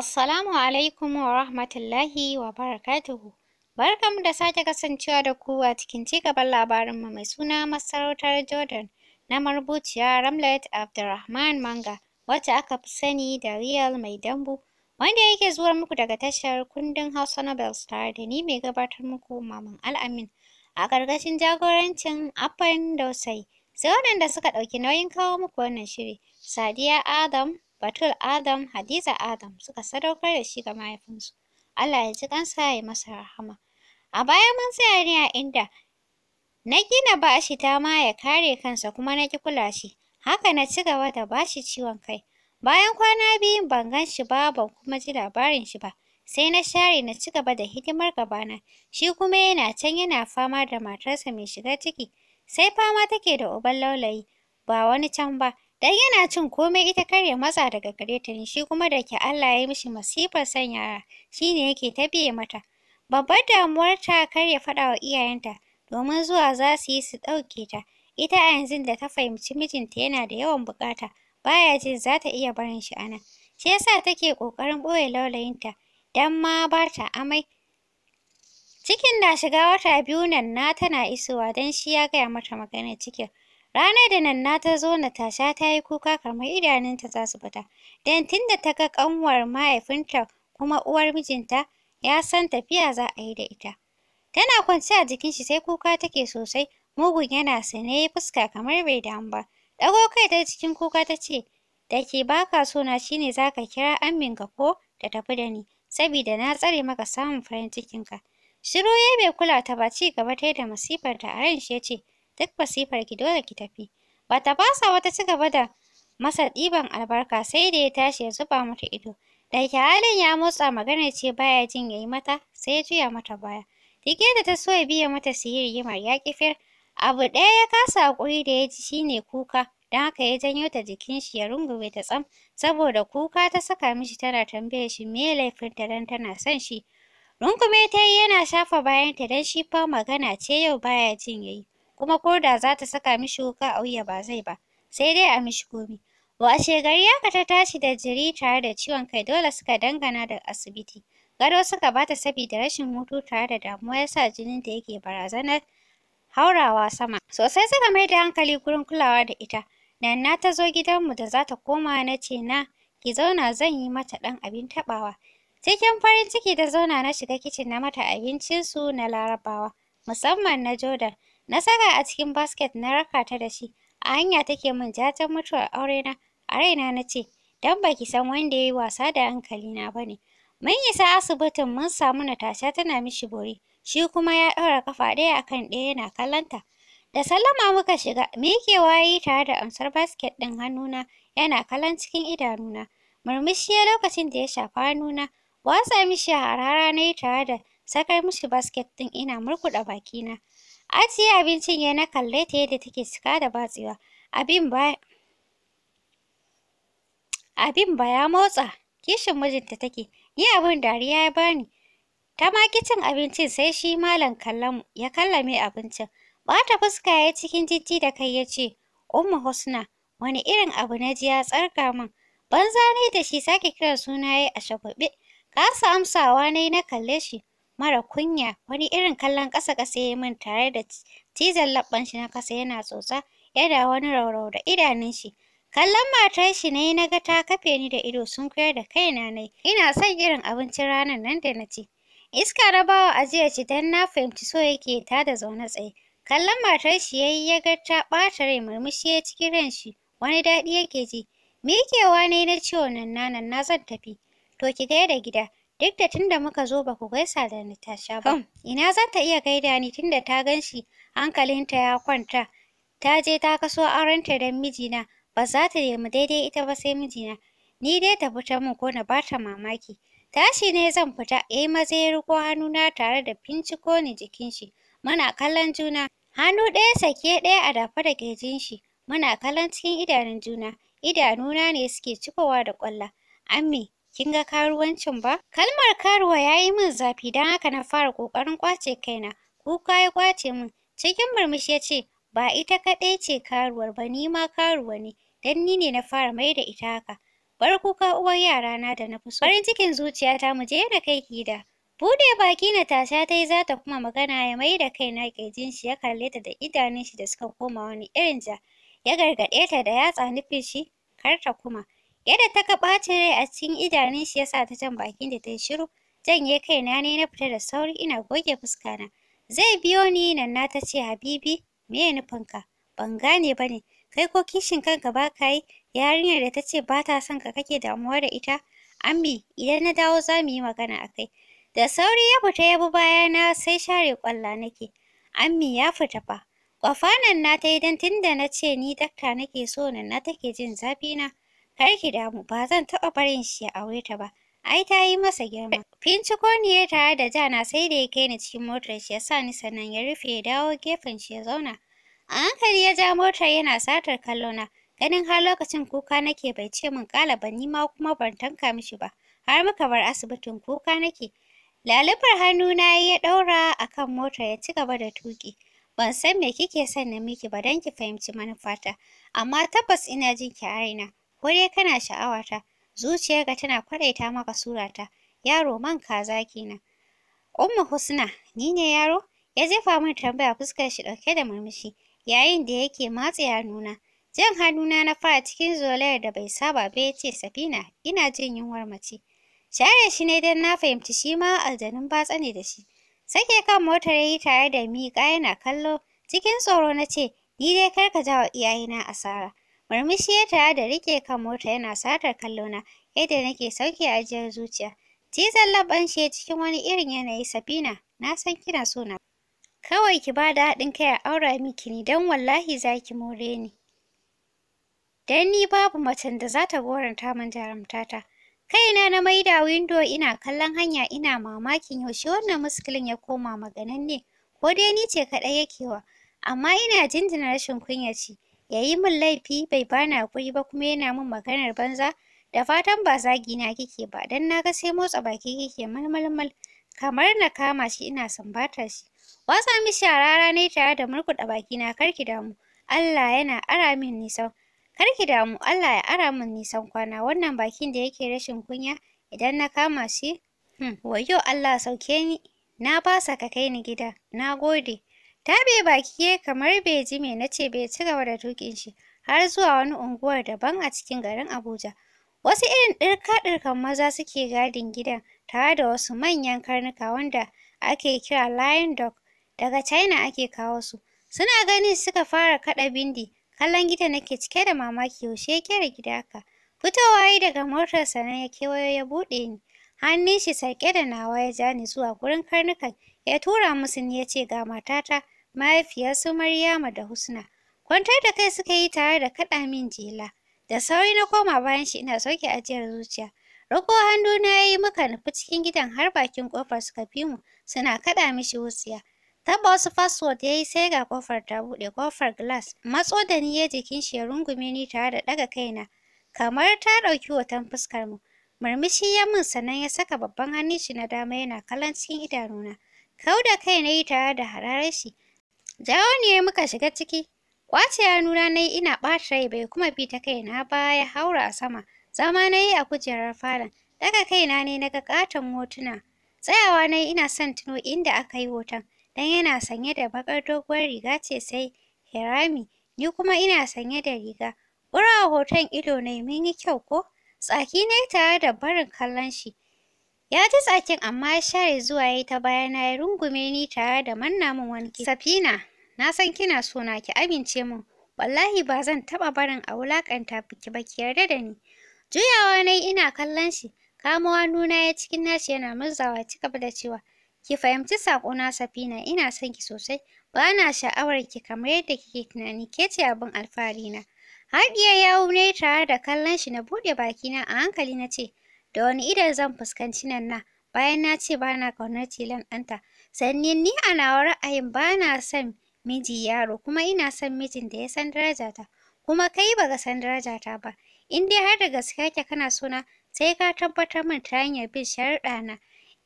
Assalamu alaikum wa rahmatullahi wa barakatuhu. Barkanmu da sake kasancewa da ku a cikin cigaban labarinmu mai suna Masarautar Jordan na marubuciya Ramlat Abdulrahman Manga wacce aka fi sani da Real Mai Dambu wanda yake zuwa muku daga tashar kundin Hausa Novels tare da ni mai gabatar muku Maman Al'amin a ƙarƙashin jagorancin Afan Dausayi. Sai waɗanda suka ɗauki nauyin kawo muku wannan shiri, Sadiya Adam Batul Adam, Hadiza Adam suka sadaukar da shi ga mahaifinsu. Allah ya ji kansa ya masa rahama. A baya mun tsaya ne a inda na gina bashi dama ya kare kansa kuma na ki kula shi. Haka na ci gaba da bashi ciwon kai. Bayan kwana biyun ban gan shi ba ban kuma ji labarin shi ba. Sai na share na ci gaba da hidimar gabana. Shi kuma yana can yana fama da matarsa mai shiga ciki. Sai fama take da uban laulayi, ba wani can ba. Dan yana cin komai ita karya ya matsa daga gare ta ne, shi kuma da ke Allah ya yi mishi masifar sanyara yara, shi ne yake ta biye mata. Babbar damuwar ta karya faɗa wa iyayenta, domin zuwa za su yi su ɗauke ta. Ita a yanzu da ta fahimci mijinta yana da yawan buƙata, baya jin za ta iya barin shi a nan. Shi yasa take ƙoƙarin ɓoye laulayinta, don ma ba ta amai. Cikin na shiga wata biyu nan na tana isowa dan shi ya gaya mata magana cikin. Ranar da nan na ta zo Natasha ta yi kuka kamar idanunta za su fita, don tun da ta ga ƙanwar mahaifinta kuma uwar mijinta, ya san tafiya za a yi da ita. Tana kwance a jikin shi sai kuka take sosai, mugun yana sane fuska kamar bai damu ba. Ɗago kai ta cikin kuka ta ce, da ke ba ka so na shi ne za ka kira amminka ko ta tafi da ni, sabida na tsare maka samun farin cikinka. Shiru ya bai kula ta ba ci gaba ta da masifarta a ran shi ya ce, duk masifar ki dole ki tafi bata fasa wata cigaba ci gaba da masa ɗiban albarka sai da ya tashi ya zuba mata ido da ke halin ya motsa magana ce baya jin yayi mata sai ya juya mata baya rike da ta so ya biya mata sihiri yi ya ƙi fir abu ɗaya ya kasa hakuri da ya ji shi ne kuka don haka ya janyo ta jikin shi ya rungume ta tsam saboda kuka ta saka mishi tana tambaye shi me laifinta don tana son shi rungume ta yi yana shafa bayanta don shi fa magana ce yau baya jin yayi kuma ko da za ta saka mishi wuƙa a wuya ba zai ba, sai dai a mishi gobe. Washegari haka ta tashi da jiri tare da ciwon kai dole suka dangana da asibiti. Gado suka bata sabida rashin hutu tare da damuwa yasa jinin da yake barazanar haurawa sama. Sosai suka mai da hankali gurin kulawa da ita. Nanna ta zo gidanmu da za ta koma na ce na ki zauna zan yi mata ɗan abin taɓawa. Cikin farin ciki da zauna na shiga kicin na mata abincinsu na Larabawa, musamman na Jordan. Na saka a cikin basket na raka ta da shi. A hanya take min jajen mutuwar aurena. A raina na ce, don ba san wanda ya yi wasa da hankali na ba ne. Mun isa asibitin mun samu Natasha tana mishi bore. Shi kuma ya ɗaura kafa ɗaya akan ɗaya yana kallonta. Da sallama muka shiga, me ya yi tare da amsar basket ɗin hannuna yana kallon cikin idanuna. Murmushi ya lokacin da ya shafa hannuna. wasa mishi harara na yi tare da sakar mishi basket ɗin ina murkuɗa bakina. Ajiye abincin ya na kalle ta yadda take cika da batsewa. Abin ba abin ba ya motsa. Kishin mijinta take. Ni abin dariya ya bani. Ta ma cin abincin sai shi malam kallon ya kallame abincin. Bata fuska ya cikin jijji da kai ya ce, Umma Husna, wani irin abu na ji ya tsarka min. Banza ne da shi sake kiran suna yayi a shagwaɓe. Kasa amsawa yi na kalle shi. mara kunya wani irin kallon ƙasa-ƙasa yayi min tare da cizon laɓɓan shi na ƙasa yana tsotsa yana wani raurau da idanun shi kallon matar shi nayi na ga ta kafe ni da ido sun koyar da kaina nayi ina son irin abincin ranar nan da na ce. iska na bawa ajiyar shi don na fahimci so yake ta da zaune tsaye kallon matar shi yayi ya ga ta ɓata rai murmushi yayi cikin ran shi wani daɗi yake ji miƙewa nayi na ciwon nan Nana na zan tafi to ki da gida Duk da tunda muka zo ba ku gaisa da Natasha ba. Ina za ta iya gaida ni tunda ta gan shi hankalinta ya kwanta. Ta je ta kaso aurenta don mijina. Ba za ta nemi daidai ita ba sai mijina. Ni dai ta fita min ko na bata mamaki. Tashi ne zan fita eh maza ya riko hannuna tare da binciko ni jikin shi. Muna kallon juna. Hannu ɗaya sake ɗaya a dafa da gejin shi. Muna kallon cikin idanun juna. Idanuna ne suke cikowa da ƙwalla. Ammi, kin ga karuwancin ba? Kalmar karuwa ya yi min zafi don haka na fara ƙoƙarin ƙwace kaina. Kuka ya ƙwace min. Cikin murmushi ya ce, ba ita kaɗai ce karuwar ba ni ma karuwa ne, don ni ne na fara mai da ita haka. Bar kuka uwar yarana da na fi Farin cikin zuciyata mu je da kai da. Bude baki na tasha ta yi za kuma magana ya mai da kaina ƙirjin shi ya kalle ta da idanun shi da suka koma wani irin ja. Ya gargaɗe ta da yatsa nufin shi kar ta kuma. Yadda ta ka ɓacin rai a cikin idanun shi yasa ta jan bakin da ta yi shiru. Janye kaina ne na fita da sauri ina goge fuska na. Zai biyo ni Nanna ta ce Habibi me nufinka? Ban gane ba ne. Kai ko kishin kanka ba ka yi? Yarinyar da ta ce ba ta son ka kake damuwa da ita? Ammi idan na dawo za mu yi magana a kai. Da sauri ya fita ya bi baya na, sai share ƙwalla nake. Ammi ya fita fa. kwafanan na ta yi don tunda na ce ni dakta nake so nan na take jin zafi na. Kar ki damu, ba zan taɓa barin shi ya aure ta ba. Ai ta yi masa girma. Finciko ne tare da jana sai da ya kai ni cikin motar shi ya sa ni sannan ya rufe ya dawo gefen shi ya zauna. A hankali ya ja motar yana satar kallona. Ganin har lokacin kuka nake bai ce min kala ni ma kuma ban tanka mishi ba. Har muka bar asibitin kuka nake. Lalubar hannuna ya ɗaura a kan motar ya ci gaba da tuki Ban san me kike son na miki ba don ki fahimci manufata, amma tabbas ina jin ki a raina. ko dai kana sha'awata zuciyarka tana kwaɗaita maka surata yaro man kaza kenan Umma Husna ni ne yaro ya jefa min tambaya fuskar shi ɗauke da murmushi yayin da yake matse hannuna jan hannuna na fara cikin zolayar da bai saba ba yace Safina ina jin yunwar mace share shi ne dan na fahimci shi ma aljanin batsa ne da shi sake kan motar yayi tare da miƙa yana kallo cikin tsoro nace ce ni dai kar ka jawo iyayena asara Murmushi ya taya da riƙe kan mota yana satar kallona yadda nake sauke ajiyar zuciya. Cizon labban shi cikin wani irin yanayi Sabina, na san kina so na. Kawai ki ba da haɗin kai a aura miki ni don wallahi za ki more ni. Don ni babu macen da za ta goranta min jarumtata. Kaina na maida windo ina kallon hanya ina mamakin yaushe wannan muskilin ya koma ne. ko dai ni ce kaɗai yakewa, amma ina jinjina rashin kunyar shi. ya yi min laifi bai bani hakuri ba kuma yana min maganar banza da fatan ba zagi na kike ba dan na ga sai motsa baki kike malmalmal kamar na kama shi ina sumbatar shi watsa mishi sharara ne tare da murkuɗa baki na karki damu Allah yana ara min nisan karki damu Allah ya ara min nisan kwana wannan bakin da yake rashin kunya idan na kama shi hmm, wayo Allah sauke ni na fasa ka kai ni gida na gode Tabe baki yayi kamar bai ji me nace bai ci gaba da tuƙin shi har zuwa wani unguwar daban a cikin garin Abuja. Wasu irin ɗirka dirkan maza suke gadin gidan tare da wasu manyan karnuka wanda ake kira lion dog daga China ake kawo su. Suna ganin suka fara kaɗa bindi kallon gidan nake cike da mamaki yaushe ya kera gida haka. Fitowa yi daga motar sannan ya kewayo ya buɗe ni. Hannun shi sarke da nawa ya ja ni zuwa gurin karnukan ya tura musu ni ya ga matata mahaifiyar su Maryama da Husna. Kwantar da kai suka yi tare da kaɗa min jela. Da sauri na koma bayan shi ina sauke ajiyar zuciya. Rako hannu na yi muka nufi cikin gidan har bakin kofar suka fi mu suna kaɗa mishi wutsiya. Taɓa wasu fasfot ya yi sai ga kofar ta buɗe kofar glass. Matso da ni ya jikin shi ya rungume ni tare da ɗaga kaina. Kamar ta ɗauki hoton fuskar mu. Murmushi ya min sannan ya saka babban hannun shi na dama yana kallon cikin idanuna. Kau da kai na yi tare da hararar shi. Jawo ne muka shiga ciki. Kwace nuna na ina ɓata rai bai kuma bi ta kaina ba ya haura sama. Zama na yi a kujerar falon. Daga kaina ne na ga ƙaton hotuna. Tsayawa na ina son tuno inda aka yi hoton. Dan yana sanye da baƙar doguwar riga ce sai hirami. Ni kuma ina sanye da riga. Ƙurawa hoton ido na mun yi kyau ko? Tsaki ne tare da barin kallon shi. Ya ji tsakin amma ya share zuwa ya yi ta bayana ya rungume ni tare da manna min wani Safina. na san kina so na ki amince min wallahi ba zan taɓa barin a wulaƙanta ki ba ki yarda da ni juyawa nai ina kallon shi kamo nuna ya cikin nashi yana murzawa ci gaba da cewa ki fahimci saƙona Safina ina son ki sosai ba na sha'awar ki kamar yadda kike tunani ke ce abin alfahari na Hadiya yawu nayi tare da kallon shi na buɗe bakina a hankali na ce da wani idon zan fuskanci nan na bayan na ce ba na ƙaunar tilan ɗanta sannan ni a nawa ra'ayin ba na son miji yaro kuma ina son mijin da ya san darajata kuma kai baka san darajata ba in dai har da gaske kake kana so na sai ka tabbatar min ta hanyar bin sharuɗa na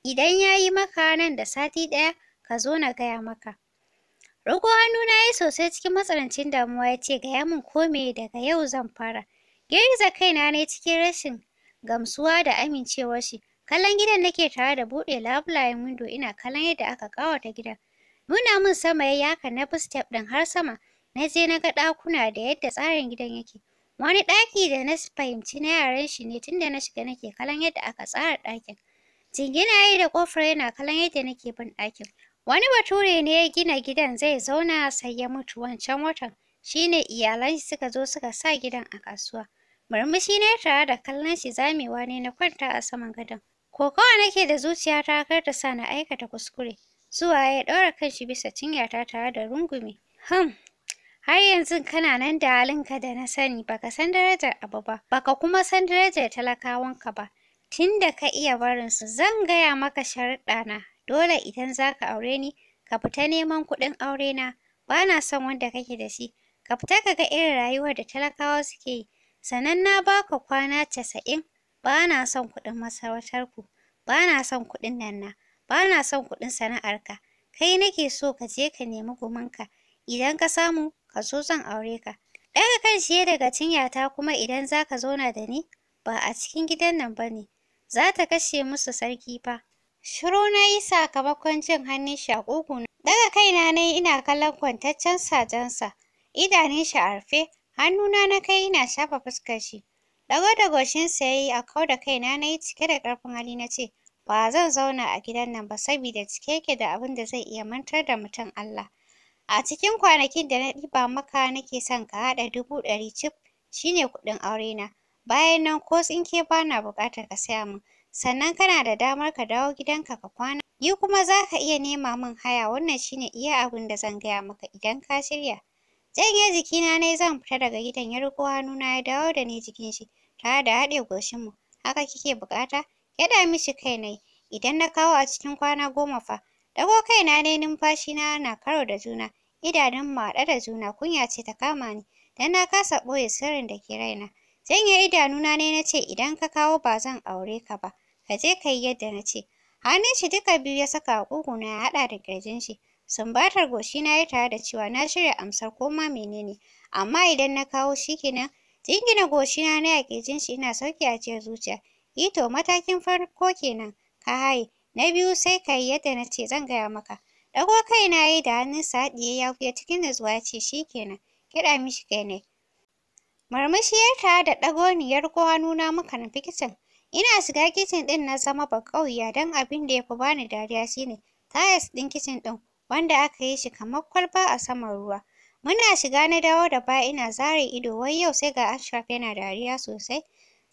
idan ya yi maka nan da sati ɗaya ka zo na gaya maka Rago hannu na yi sosai cikin matsanancin damuwa ya ce gaya min ko daga yau zan fara. Girgiza kaina ne cikin rashin gamsuwa da amincewar shi. Kallon gidan nake tare da buɗe labulayen windo ina kallon yadda aka ƙawata gidan. Nuna mun sama ya yaka na bi step ɗin har sama. Na je na ga ɗakuna da yadda tsarin gidan yake. Wani ɗaki da na fahimci na yaren shi ne tunda na shiga nake kallon yadda aka tsara ɗakin. Jingina yayi da ƙofar yana kallon yadda nake bin ɗakin. Wani bature ne ya gina gidan zai zauna sai ya mutu wancan watan. shine ne iyalan shi suka zo suka sa gidan a kasuwa. Murmushi ne tare da kallon shi zamewa ne na kwanta a saman gadon. Kokawa nake da zuciya kar ta sa na aikata kuskure. zuwa ya ɗora shi bisa cinyata tare da rungumi. Hmm. Har yanzu kana nan da halinka da na sani baka san darajar abu ba, baka kuma san darajar talakawanka ba. Tun da ka iya barin su zan gaya maka na dole idan za ka aure ni ka fita neman kuɗin aure aurena, na son wanda kake da shi. Ka fita ka ga irin rayuwar da talakawa suke yi, sannan na baka kwana casa'in, Ba na son kuɗin masarautar masarautarku, na son kuɗin nan na. ba na son kuɗin sana'arka kai nake so ka je ka nemi gumanka idan ka samu ka zo zan aure ka ɗaga kan shi daga ta kuma idan za ka zauna da ni ba a cikin gidan nan ba ne za ta kashe musu sarki fa Shiro na yi sakamakon jin hannun shi a daga kaina na yi ina kallon kwantaccen sajansa idanun shi a rufe hannuna na kai ina shafa fuskar shi dago ya yi a kau da kaina na yi cike da ƙarfin hali na ce ba zan zauna a gidan nan ba sabida cike yake da abin da zai iya mantar da mutum Allah. A cikin kwanakin da na ɗiba maka nake son ka haɗa dubu ɗari cif shine kuɗin aurena. Bayan nan ko tsinke bana buƙatar ka saya min. Sannan kana da damar ka dawo gidanka ka kwana. Yi kuma za ka iya nema min haya wannan shine iya abin da zan gaya maka idan ka shirya. Janye jikina nayi zan fita daga gidan ya riƙo hannuna ya dawo da ni jikin shi tare da haɗe goshin mu Haka kike buƙata? Gyaɗa mishi kai na idan na kawo a cikin kwana goma fa. Ɗago kaina na numfashina na karo da juna, idanunmu haɗe da juna, kunya ce ta kama ni, Dan na kasa ɓoye sirrin da ke raina. Janye idanuna ne na ce idan ka kawo ba zan aure ka ba, ka je ka yi yadda na ce. Hannun shi duka biyu ya saka a ƙuguna ya haɗa da ƙirjin shi. Sumbatar goshina ya tare da cewa na shirya amsar koma ma menene, amma idan na kawo shi kenan. Jingina goshina na a ƙirjin shi ina sauke ajiyar zuciya. Ito eh matakin farko kenan, ka haye. Na biyu sai kayi yadda na ce zan gaya maka. Ɗago kaina ya yi da hannunsa haɗiye ya wuya cikin natsuwa ya ce shi kenan, kiɗa mishi kai ne. da ɗago ni ya riƙo hannuna muka nufi kicin. Ina shiga kicin ɗin na zama baƙauya don abin da ya fi bani dariya shine. ne tayas ɗin kicin ɗin wanda aka yi shi kamar kwalba a saman ruwa. Muna shiga na dawo da baya ina zare ido wai yau sai ga Ashraf yana dariya sosai.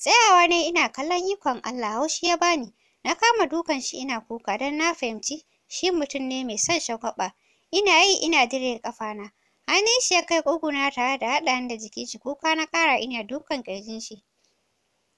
Tsayawa ne ina kallon ikon Allah haushi ya bani. Na kama dukan shi ina kuka don na fahimci shi mutum ne mai son shagwaɓa. Ina yi ina dire ƙafana. Hannun shi ya kai ƙuguna tare da haɗa da jikin shi kuka na ƙara ina dukan ƙirjin shi.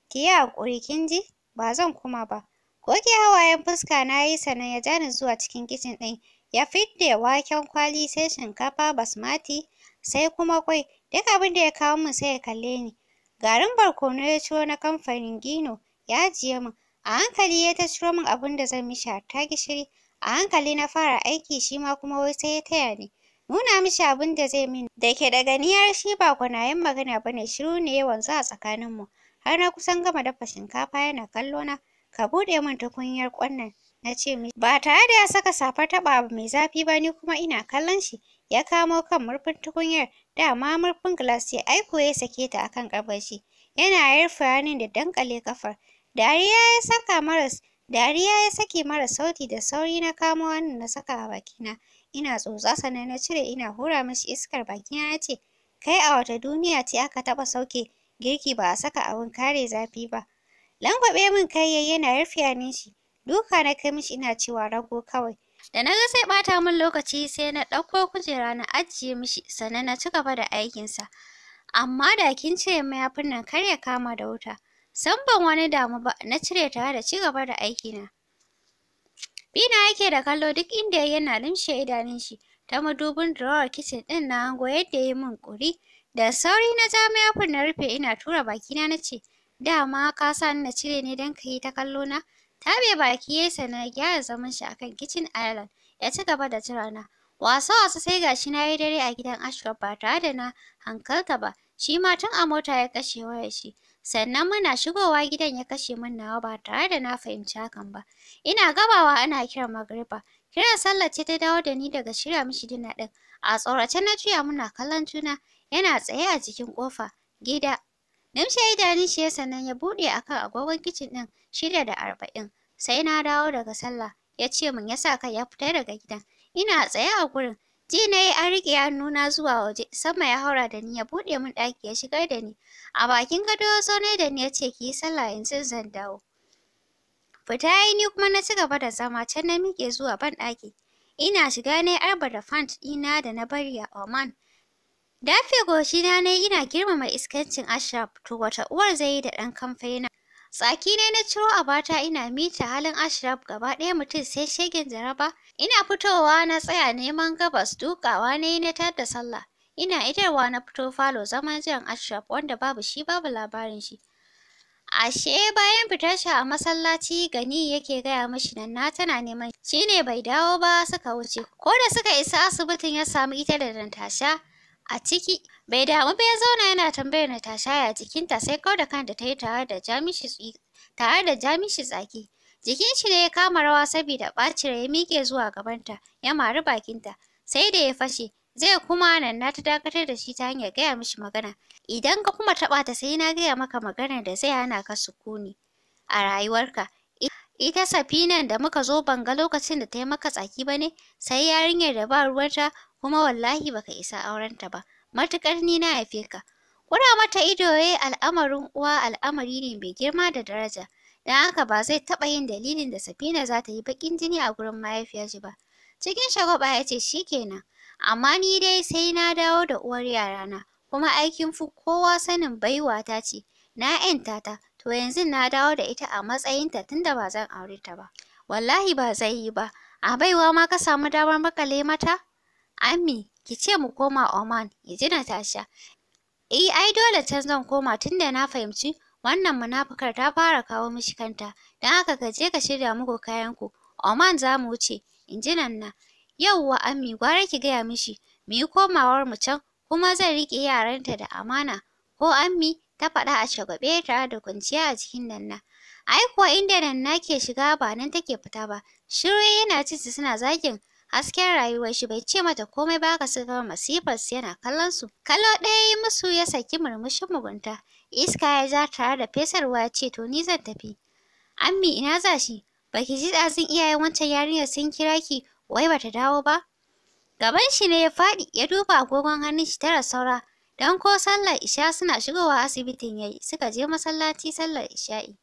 Ki yi haƙuri kin ji, ba zan kuma ba. Goge hawayen fuska na yi sannan ya ja zuwa cikin kicin ɗin. Ya fidda waken kwali sai shinkafa basmati sai kuma ƙwai. Duk abin da ya kawo min sai ya kalle ni. Garin barkono ya ciro na kamfanin Gino ya ajiye min. A hankali ya ta ciro min abin da zan mishi hatta gishiri. A hankali na fara aiki shi ma kuma wai sai ya taya ni. Nuna mishi abin da zai min da ke da ganiyar shi ba gwanayen magana ba ne shiru ne ya wanzu a tsakaninmu. Har na kusan gama dafa shinkafa yana kallo na. Ka buɗe min tukunyar ƙwan nan. na ce mishi ba tare da ya saka safar taɓa mai zafi ba ni kuma ina kallon shi ya kamo kan murfin tukunyar Dama murfin glass ya aiko ya sake ta akan shi. Yana rufe hannun da dankale kafar Dariya ya saka mara dariya ya sake mara sauti da sauri na kamo hannun na saka a bakina. Ina tsotsa sannan na cire ina hura mishi iskar bakina na ce, kai a wata duniya ce aka taɓa sauke girki ba a saka abin kare zafi ba. lankwaɓe min kai yayi yana rufe hannun shi. Duka na kai mishi ina cewa rago kawai. Da na ga sai ɓata min lokaci sai na ɗauko kujera na ajiye mishi sannan na ci gaba da aikinsa. Amma da kin ce mayafin nan kar ya kama da wuta. San ban wani damu ba na cire tare da ci gaba da aikina. Bina yake da kallo duk inda yana limshe idanun shi ta madubin drawer kitchen ɗin na ango yadda ya yi min kuri. Da sauri na ja mayafin na rufe ina tura bakina na ce, dama ka sa ni na cire ne don ka yi ta kallo na? Tabe baki yayi sana gyara zaman shi akan kitchen island ya ci gaba da jira na. Wasa wasa sai gashi na yi dare a gidan Ashraf ba tare da na hankalta ba. Shi ma tun a mota ya kashe wayar shi. Sannan muna shigowa gidan ya kashe min nawa ba tare da na fahimci hakan ba. Ina gabawa ana kiran magriba. Kira sallar ce ta dawo da ni daga shirya mishi dina din. A tsorace na juya muna kallon juna yana tsaye a jikin ƙofa gida. Namshi ya yi danin shi sannan ya buɗe a kan agogon kicin ɗin shida da arba'in. Sai na dawo daga sallah ya ce min ya sa kai ya fita daga gidan. Ina tsaya a gurin. Ji na yi an riƙe hannuna zuwa waje sama ya haura da ni ya buɗe min ɗaki ya shigar da ni. A bakin gado ya zo da ni ya ce ki yi sallah yanzu zan dawo. Fita ya yi ni kuma na ci gaba da zama can na miƙe zuwa ban ɗaki. Ina shiga na yi arba da fant ɗina da na bari a Oman. Dafe goshina na ina girmama iskancin Ashraf to wata uwar zai da ɗan kamfaina. Tsaki ne na ciro a bata ina mita halin Ashraf gaba ɗaya mutum sai shegen jaraba. Ina fitowa na tsaya neman gabas dukawa ne na tar da sallah. Ina idarwa na fito falo zaman jiran Ashraf wanda babu shi babu labarin shi. Ashe bayan fitar shi a masallaci gani yake gaya mashi nan na tana neman shi ne bai dawo ba suka wuce. Ko da suka isa asibitin ya samu ita da Dantasha. a ciki. Bai damu ba ya zauna yana tambayar na tashaya jikinta sai kawai da kanta ta yi tare da jamishi tare da jamishi tsaki. Jikin shi ne ya kama rawa saboda ɓacin ya miƙe zuwa gabanta ya mari bakinta sai da ya fashe zai kuma nan na ta dakatar da shi ta hanyar gaya mishi magana. Idan ka kuma taɓa ta sai na gaya maka maganar da zai hana ka sukuni a rayuwarka. Ita safinan da muka zo ban ga lokacin da ta yi maka tsaki ba ne sai yarinyar da ba ruwanta kuma wallahi baka isa aurenta ba Matukar ni na haife ka kura mata ido yayi al'amarin uwa al'amari ne mai girma da daraja Dan haka ba zai taba yin dalilin da Safina za ta yi bakin jini a gurin mahaifiyar ba cikin shagwaba ya ce shikenan amma ni dai sai na dawo da uwar yarana kuma aikin fu kowa sanin baiwa ta ce na yanta ta to yanzu na dawo da ita a matsayinta tunda ba zan aure ta ba wallahi ba zai yi ba a baiwa ma ka samu damar makale mata Ammi, ki ce mu koma Oman, ya ji Natasha. Eh, ai dole can zan koma tunda na fahimci wannan munafukar ta fara kawo mishi kanta, don haka ka je ka shirya muku kayan ku Oman za mu wuce, in ji na. Yauwa Ammi, gwara ki gaya mishi, mu yi komawar mu can, kuma zan riƙe yaranta da amana. Ko Ammi, ta faɗa a shagwaɓe tare da kwanciya a jikin na? Ai kuwa inda na ke shiga ba nan take fita ba, shiru yana su suna zagin Hasken rayuwar shi bai ce mata komai ba haka suka gama masifar su yana kallon su. Kallo ɗaya yi musu ya saki murmushin mugunta. Iska ya ja tare da fesarwa ya ce to ni zan tafi. Ammi ina za shi? Baki ji ɗazun iyayen wancan yarinyar sun kira ki wai bata dawo ba? Gaban shi ne ya faɗi ya duba agogon hannun shi tara saura. Dan ko sallar isha suna shigowa asibitin yayi suka je masallaci sallar isha'i.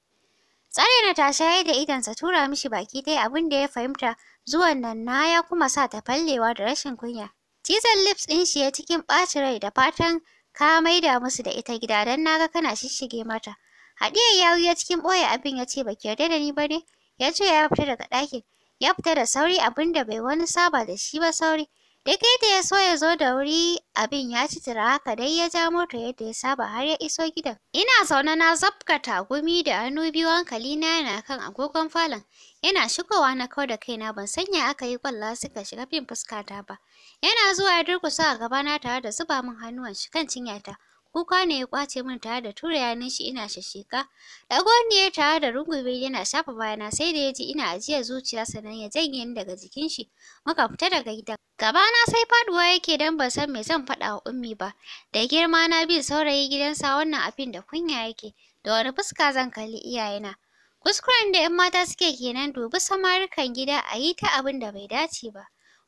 Tsare na tashaye da sa tura mishi baki dai abin da ya fahimta Zuwan nan na ya kuma sa ta fallewa da rashin kunya. Cizon lips ɗin shi ya cikin ɓacin rai da fatan ka maida musu da ita gida don naga ga kana shishige mata. Hadiya ya wuya cikin ɓoye abin ya ce ba ki yarda da ni ba ne? Ya ce ya fita daga ɗakin. Ya fita da sauri abinda bai wani saba da shi ba sauri. yadda ya so ya zo da wuri abin ya ci tira haka dai ya ja mota yadda ya saba har ya iso gidan. Ina zaune na zabka tagumi da hannu biyu hankali na yana kan agogon falon. Yana shigowa na kau da kaina ban sanya aka yi kwalla suka shiga fin fuskata ba. Yana zuwa ya durkusa a gabana tare da zuba min hannuwan shi kan cinyata. kuka ne ya kwace min tare da tura yanin shi ina shashika dago ne ya tare da rungume yana shafa bayana sai da ya ji ina ajiya zuciya sannan ya janye ni daga jikin shi muka fita daga gidan gabana sai faduwa yake dan ban san me zan faɗa wa ummi ba da girma na bin saurayi gidansa wannan abin da kunya yake da wani fuska zan kalli iyayena kuskuren da yan mata suke kenan dubi samarikan gida a yi ta abin da bai dace ba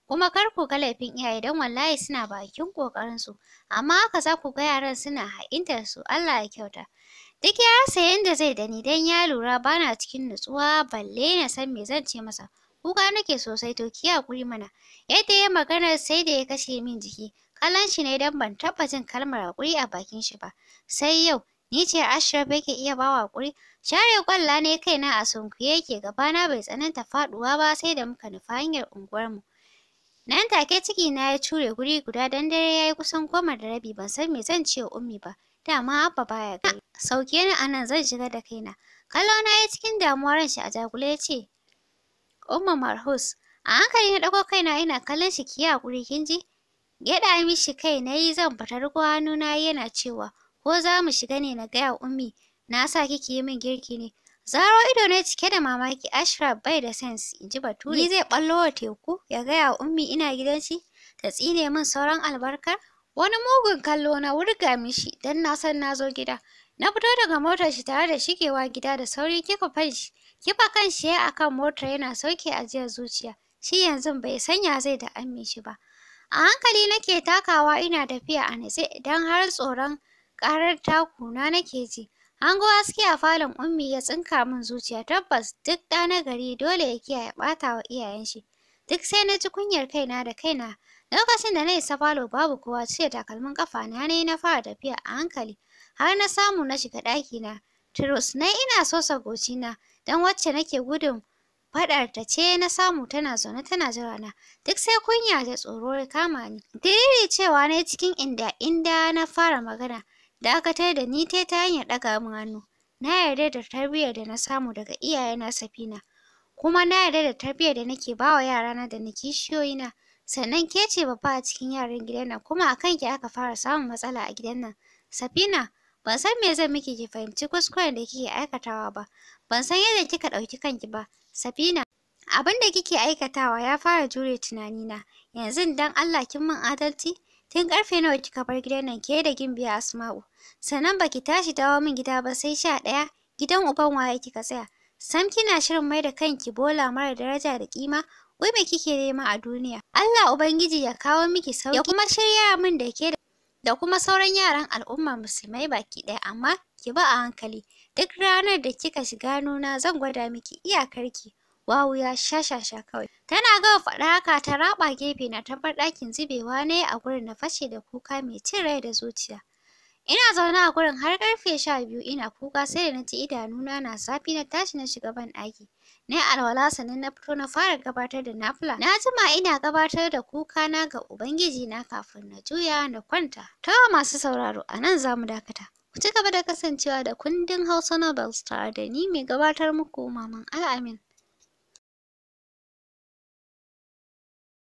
kuma kar ku ga laifin iyaye don wallahi suna bakin ƙoƙarinsu amma haka za ku ga yaran suna haƙintar su Allah ya kyauta duk ya rasa yadda zai dani dan don ya lura bana cikin nutsuwa balle na san me zan ce masa kuka nake sosai to ki hakuri mana yadda ya magana sai da ya kashe min jiki kallon shi ne don ban taɓa jin kalmar hakuri a bakin shi ba sai yau ni ce Ashraf yake iya ba wa hakuri share kwalla ne kaina a sunkuye yake gabana bai tsananta faduwa ba sai da muka nufa hanyar unguwarmu Nan take ciki na ya cure guri guda dan dare yayi kusan goma da rabi ban san me zan ce ummi ba. Dama abba baya ga Sauke ni anan zan shiga da kaina. Kallo na ya cikin damuwa ran shi a jagule ya ce Umma Marhus a hankali na ɗago kaina ina kallon shi ki guri kin ji. Gyaɗa mishi kai nayi yi zan fita hannu na yana cewa ko za mu shiga ne na gaya ummi na sa kike yi min girki ne Zaro ido ne cike da mamaki Ashraf bai da sense in ji Bature. Ni zai ballo wa teku ya gaya wa ummi ina gidan shi ta tsine min sauran albarkar. Wani mugun kallo na wurga mishi dan na san na zo gida. Na fito daga motar shi tare da shigewa gida da sauri kika fanshi. Kifa kan shi ya akan motar yana sauke ajiyar zuciya. Shi yanzu bai sanya zai da amme shi ba. A hankali nake takawa ina tafiya a nitse, don har tsoron ƙarar takuna nake ji. Ango aski a falon ummi ya tsinka min zuciya tabbas duk ɗa na gari dole ya kiyaye ɓata wa iyayen shi. Duk sai na ji kunyar kaina da kaina. Lokacin da na isa falo babu kowa cire takalmin kafa na ne na fara tafiya a hankali har na samu na shiga ɗakina. Turus na ina sosa gocina Dan wacce nake gudun faɗar ta ce na samu tana zaune tana jira na. Duk sai kunya da tsoro ya kama ni. Diriri cewa na cikin inda inda na fara magana. dakatar da ni tai ta hanyar ɗaga min hannu na yarda da tarbiyyar da na samu daga iyayena Safina kuma na yarda da tarbiyyar da nake bawa yarana da na kishiyoyina sannan ke ce babba a cikin yaran gidan nan kuma a kanki aka fara samun matsala a gidan nan Safina ban san me zan miki ki fahimci kuskuren da kike aikatawa ba ban san yadda kika ɗauki kanki ba Safina abin da kike aikatawa ya fara jure tunanina yanzu dan Allah kin min adalci Tun karfe nawa kika bar gidan nan ke da gimbiya Asma'u? Sannan baki tashi dawo min gida ba sai sha ɗaya. Gidan uban waye kika tsaya? Sam kina shirin mai da kanki bola mara daraja da kima? Wai me kike nema a duniya? Allah Ubangiji ya kawo miki sauki ya kuma shirya min da ke da kuma sauran yaran al'umma musulmai baki ɗaya amma ki ba a hankali. Duk ranar da kika shiga nuna zan gwada miki iyakarki. wawu ya shashasha kawai tana gama faɗa haka ta raba gefe na tabbar ɗakin zubewa ne a gurin na fashe da kuka mai cin rai da zuciya ina zaune a gurin har ƙarfe sha biyu ina kuka sai da na ji idanuna na zafi na tashi na shiga ban ɗaki na alwala sannan na fito na fara gabatar da nafila na jima ina gabatar da kuka na ga ubangiji na kafin na juya na kwanta to masu sauraro a nan za mu dakata ku ci gaba da kasancewa da kundin hausa novels tare da ni mai gabatar muku maman al'amin